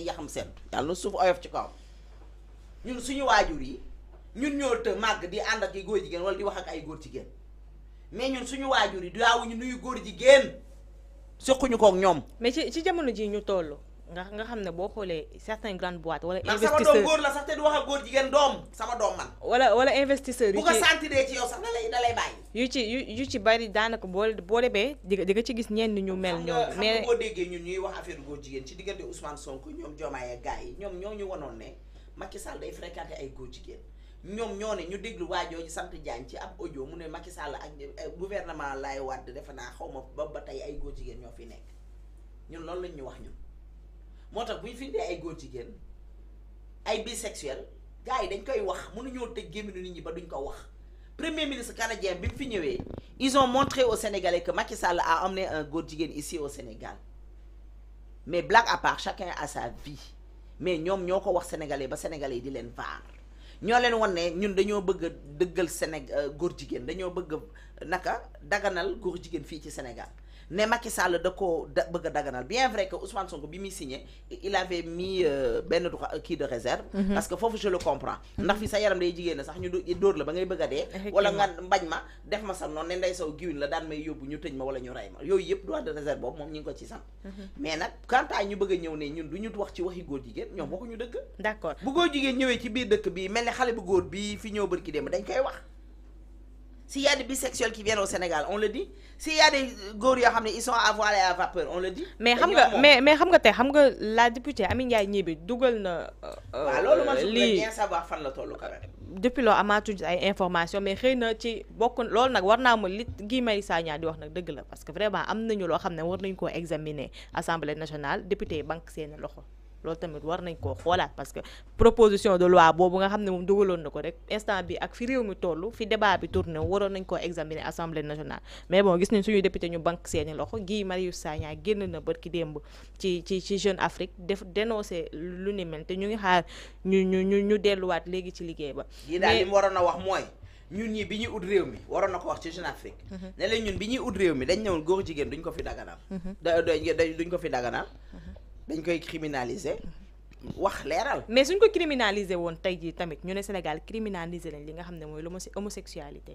yaxam seen yàlla suuf oyof ci kaw ñun suñu waajur yi ñun ñoo të màgg di ànd ak ay góor jigéen wala di wax ak ay góor jigéen mais ñun suñu waajur yi daawuñu nuyu góor jigéen séquñu kook ñoom mais ci ci jamono ji ñu toll nga nga xam ne boo xoolee certaines grandes boîtes wala investisseur sama doom góor la sax te du wax doom sama doom man wala wala investisseur bu ko sentiree ci yow sax da lay bàyyi yu ci yu ci bari daanaka boo boo demee di di nga ci gis ñenn ñu mel ñoom mais boo déggee ñu ñuy wax affaire góor jigéen ci diggante Ousmane Sonko ñoom Diomaye ak gars yi ñoom ñoo ñu wanoon ne Macky Sall day fréquenté ay góor jigéen ñoom ñoo ne ñu déglu waajooju sant Diagne ci ab audio mu ne Macky Sall ak eh, gouvernement laay Wade defe naa xaw ma ba ba tey ay góor jigéen ñoo fi nekk ñun loolu lañ ñu wax ñun moo tax fi ay góor jigéen ay bisexuel gars yi dañ koy wax mënuñoo te gémmiñu nit ñi ba duñ ko wax premier ministre canadien bi fi ñëwé ils ont montré au Sénégalais que Macky Sall a amené un góor jigéen ici au Sénégal mais blague à part chacun a sa vie mais ñom ñoko wax sénégalais ba sénégalais di len vaar ñoo leen wan ñun dañoo bëgg deugal sénégal Séné euh, góor jigéen dañoo bëgg naka daganal góor jigéen fii ci Sénégal ne Macky Sall da ko da bëgg daganal bien vrai que Ousmane Sonko bi mi signé il avait mis ben benn qui euh, de réserve. Mhm. parce que fofu je le comprends. Mhm. ndax fi sa yaram day jigéen sax ñu door la ba ngay bëgg dé wala nga mbañ ma def ma sa non né nday saw giwin la daan may yóbbu ñu tëj ma wala ñu ray ma yooyu yëpp droit de réserve boobu mom ñu ngi ko ci sam mhm. mais nak quand ta ñu bëgg ñëw né ñun duñu wax ci waxi góor jigéen ñoom ñu dëgg. d'accord bu góor jigéen ñëwee ci biir dëkk bi melni xalé bu goor bi fi ñëw barki dem dañ koy wax s'il y a des bisexuels qui viennent au Sénégal, on le dit. S'il y a des gors, ils sont à voile et à vapeur, on le dit. Mais mais mais la députée Amine Ndiaye Nibi dougal na euh, je voulais bien savoir fan la tollu quand même. Depuis lors amatu ay information mais xeyna ci bokku lool nak warna ma lit gi may saña di wax nak deug la parce que vraiment am nañu lo xamné war nañ ko examiner Assemblée nationale député banque seen loxo loolu tamit war nañ koo xoolaat parce que proposition de loi boobu nga xam ne moom dugaloon na ko rek instant bi ak fi réew mi toll fi débat bi tourné waroon nañ koo examiner assemblée nationale mais bon gis nañ suñu député ñu banque seeni loxo Guy Marius Sagna génn na bët ki démb ci ci Jeune Afrique def dénoncé lu ni mel te ñu ngi xaar ñu ñu ñu ñu delluwaat léegi ci liggéey ba yi daal li mu waroon na wax mooy ñun ñii bi ñuy ut réew mi waroon na ko wax ci Jeune Afrique mhm. ne leen ñun bi mi dañ ñëwoon góor jigéen duñ ko fi daganal mhm. duñ ko fi daganal mhm. dañ koy criminaliser wax leeral. mais suñ ko criminaliser woon tey jii tamit ñu ne Sénégal criminaliser lañ li nga xam ne mooy l'homosexualité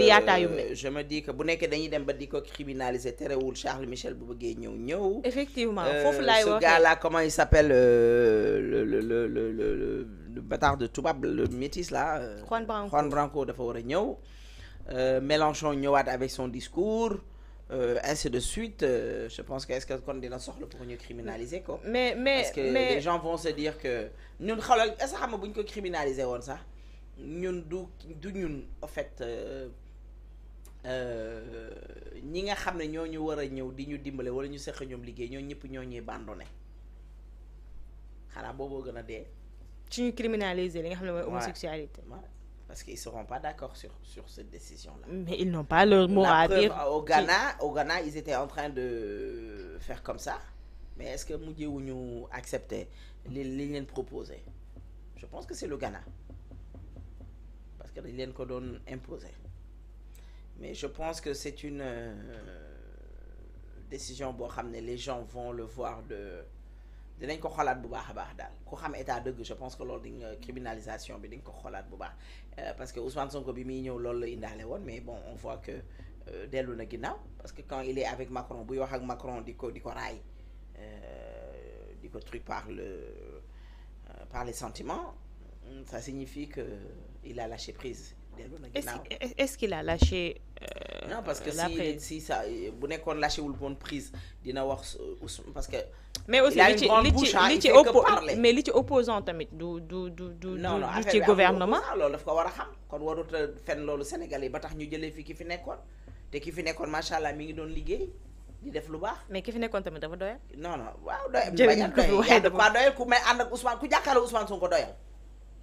je me dis que bu nekkee dañuy dem ba di ko criminaliser Charles Michel bu effectivement euh, foofu laay ce gars là comment il s'appelle euh, le le le le le bâtard de tout le métis là. Euh, Juan Branco Juan Branco de war a Mélenchon ñëwaat avec son discours. Euh, ainsi de suite, je pense qu'est-ce qu'on est dans sort pour nous criminaliser quoi. Mais, mais, mais... les gens vont se dire que nous, est-ce que nous criminaliser ça Nous, nous, en fait. Euh, ñi nga xam ne ñoo ñu war a ñëw di ñu dimbale wala ñu seq ñoom liggéey ñoo ñëpp ñoo ñuy bandone xanaa booboo gën a dee. ci ñu criminaliser li nga xam ne mooy homosexualité. parce qu'ils seront pas d'accord sur sur cette décision là. mais ils n'ont pas leur mot à dire. au Ghana au Ghana ils étaient en train de faire comme ça mais est-ce que mujjee wu ñu accepter li li leen proposé je pense que c'est le Ghana parce que dañ leen ko doon imposer. Mais je pense que c'est une euh, décision pour ramener les gens vont le voir de de ko xoolaat bu baax a baax daal xam état je pense que loolu di criminalisation bi di nga ko xoolaat bu baax euh, parce que Ousmane Sonko bi muy ñëw loolu la mais bon on voit que euh, dès na ginnaaw parce que quand il est avec Macron il wax ak Macron Diko ko di raay truc par le par les sentiments ça signifie que il a lâché prise est-ce qu'il a lâché euh, non parce que euh, si, si ça bu nekkoon lâché wul bonne prise dina wax euh, parce que. mais aussi li ci hein, li ci mais li ci opposant tamit du du du du. non non affaire bi gouvernement loolu daf ko wara xam kon warut a fen lolu Sénégalais ba tax ñu jëlé fi ki fi nekkoon te ki fi nekkoon macha mi ngi doon liggéey. di def lu baax mais ki fi nekkoon tamit dafa doyal. non non waaw doyal. jërëjëf ku fi waxee doyal ku may and ak Ousmane ku jàkkaarloo Ousmane son ko doyal.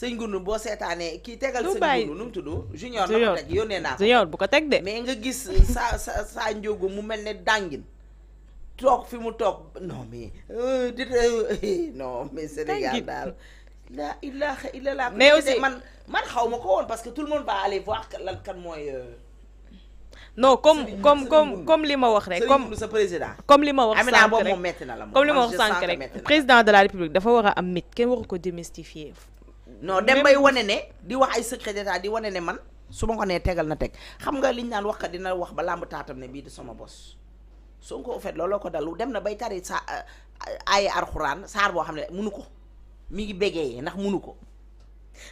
sëñ Goundou boo seetaanee kii tegal sëñ Goundou nu junior na ko teg yone na seigneur junior bu ko teg de mais nga gis sa sa saa njóogu mu mel ne tok fi mu tok non mais euh, dit euh, non mais Sénégal dal la ilaha illallah mais aussi man man xaw ko woon parce que tout le monde va aller voir lan kan mooy euh, non comme comme comme comme lima wax rek comme sa président comme li ma wax sànq rek comme lima ah, wax sànq rek président de la république dafa wara am mit ken waxuko ko démystifier non dem bay wone ne di wax ay secret d'état di wane ne man su ma ko nee tegal na teg xam nga liñ naan wax ka dina wax ba làmb taatam ne bii di sama bos su au looloo ko dalu dem na bay tari sa euh, ay arxuraan saar boo xam ne munu ko mi ngi bégee ndax munu ko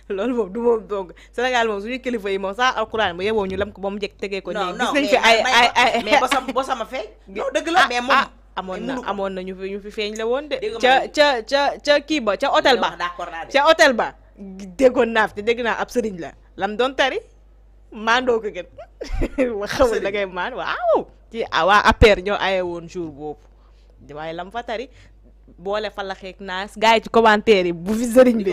loolu moom du moom donc Sénégal moom suñu kilifa yi moom saa alxuraan bu yeboo ñu lam ko ba mu njëkk tegee ko nii gis nañ fi ay ay ay mais bosam bosam feeñ non dëgg la mais moom ah, ah, amoon na amoon na ñu fi ñu fi feeñ la woon de ca ca ca ca kii ba ca hôtel ba ca hôtel ba dégon naaf te dégg naa ab sëriñ la lam doon tari maandoo ko gën xamul da ngay maan waaw ci ah, waa APR ñoo aye woon jour boobu waaye lam fa tari boole fa laxeeg naas gars yi ci commentaire yi bu fi sëriñ bi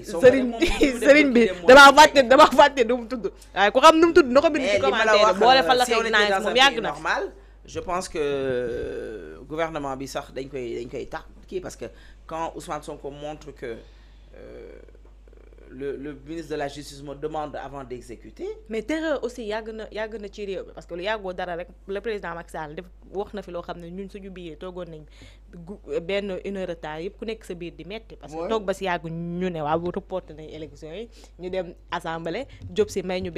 sëriñ sëriñ bi damaa fàtte damaa fàtte nu mu tudd waaye ku xam nu mu tudd na ko bind ci eh, commentaire yi boole fa euh, laxeeg naas moom yàgg na je pense que euh, gouvernement bi sax dañ koy dañ koy tax kii parce que quand Ousmane Sonko montre que euh, le le ministre de la justice me demande avant d'exécuter mais terreur aussi yàgg na yàgg ci parce que le yago dara rek le président Macky Sall def wax na fi loo xam ne ñun suñu biiree toogoon nañ benn une heure de temps ku nekk sa biir di metti parce que toog ba si yàgg ñu ne waaw reporté reporter élection yi ñu dem assemblée Diop si may ñu